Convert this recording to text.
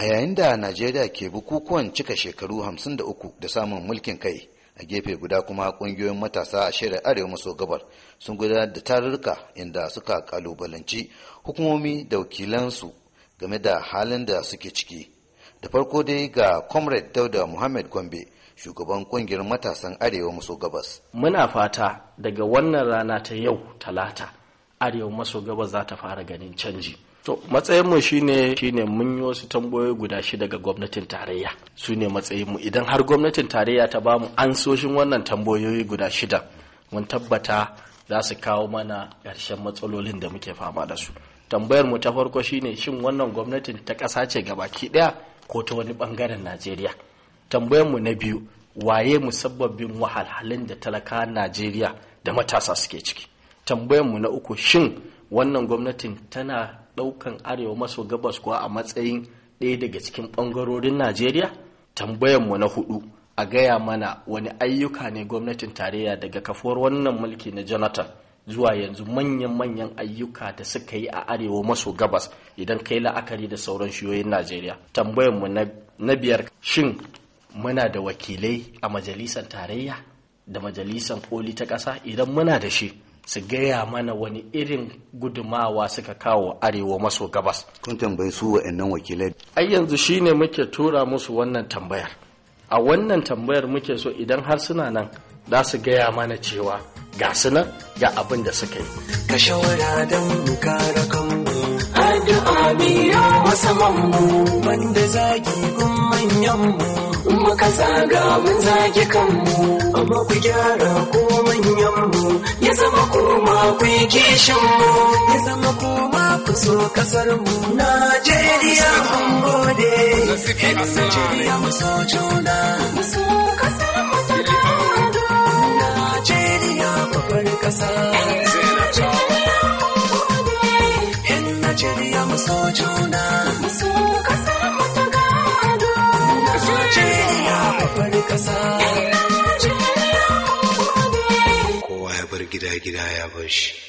a yayin da najeriya ke bukukuwan cika shekaru hamsin da uku da samun mulkin kai a gefe guda kuma kungiyoyin matasa a shirin arewa maso gabar sun gudanar da tarurruka inda suka kalubalanci hukumomi da wakilansu game da halin da suke ciki da farko dai ga comrade dauda muhammad gombe shugaban kungiyar matasan arewa maso gabas muna fata daga wannan rana ta yau talata arewa maso gabas za ta fara ganin canji to matsayinmu shine shine mun yi wasu tambayoyi guda shi daga gwamnatin tarayya su ne matsayinmu idan har gwamnatin tarayya ta bamu ansoshin wannan tambayoyi guda shida mun tabbata za su kawo mana ƙarshen matsalolin da muke fama da su tambayar mu ta farko shine shin wannan gwamnatin ta ƙasa ce ga baki ɗaya ko ta wani ɓangaren najeriya tambayar mu na biyu waye musabbabin wahalhalun da talakawan najeriya da matasa suke ciki tambayanmu na uku shin wannan gwamnatin tana ɗaukan arewa maso gabas kuwa a matsayin ɗaya daga cikin ɓangarorin najeriya tambayanmu na hudu a gaya mana wani ayyuka ne gwamnatin tarayya daga kafuwar wannan mulki na jonathan zuwa yanzu manyan-manyan ayyuka da suka yi a arewa maso gabas idan kai la'akari da sauran shiyoyin najeriya tambayarmu na biyar shin muna da wakilai a majalisar tarayya da majalisar koli ta ƙasa idan muna da shi su gaya mana wani irin gudumawa suka kawo arewa maso gabas kun tambayi su wa'annan wakilai ai yanzu shine muke tura musu wannan tambayar a wannan tambayar muke so idan har suna nan za su gaya mana cewa ga su nan ga abin da suka yi ka shawara don mu kanmu addu'a miya banda zagi gun manyan mu zaga mun zagi kanmu amma ku gyara ko manyan mu ya zama Kuma ku yi kishin mu ya zama koma ku so kasar mu Najeriya mun gode Najeriya mu so juna mu so kasar mu ta gado Najeriya babbar kasa Najeriya mu so juna mu so kasar mu ta gado Najeriya babbar kasa गिरा गिराए अवश्य